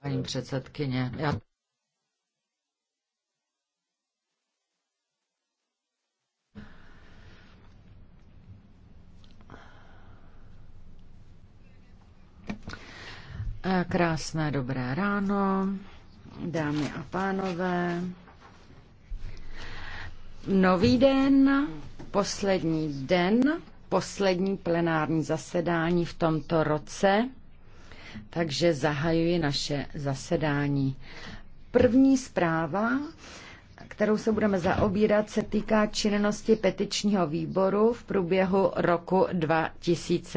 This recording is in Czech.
Paní předsedkyně, já Krásné dobré ráno, dámy a pánové. Nový den, poslední den poslední plenární zasedání v tomto roce, takže zahajuji naše zasedání. První zpráva, kterou se budeme zaobírat, se týká činnosti petičního výboru v průběhu roku 2000.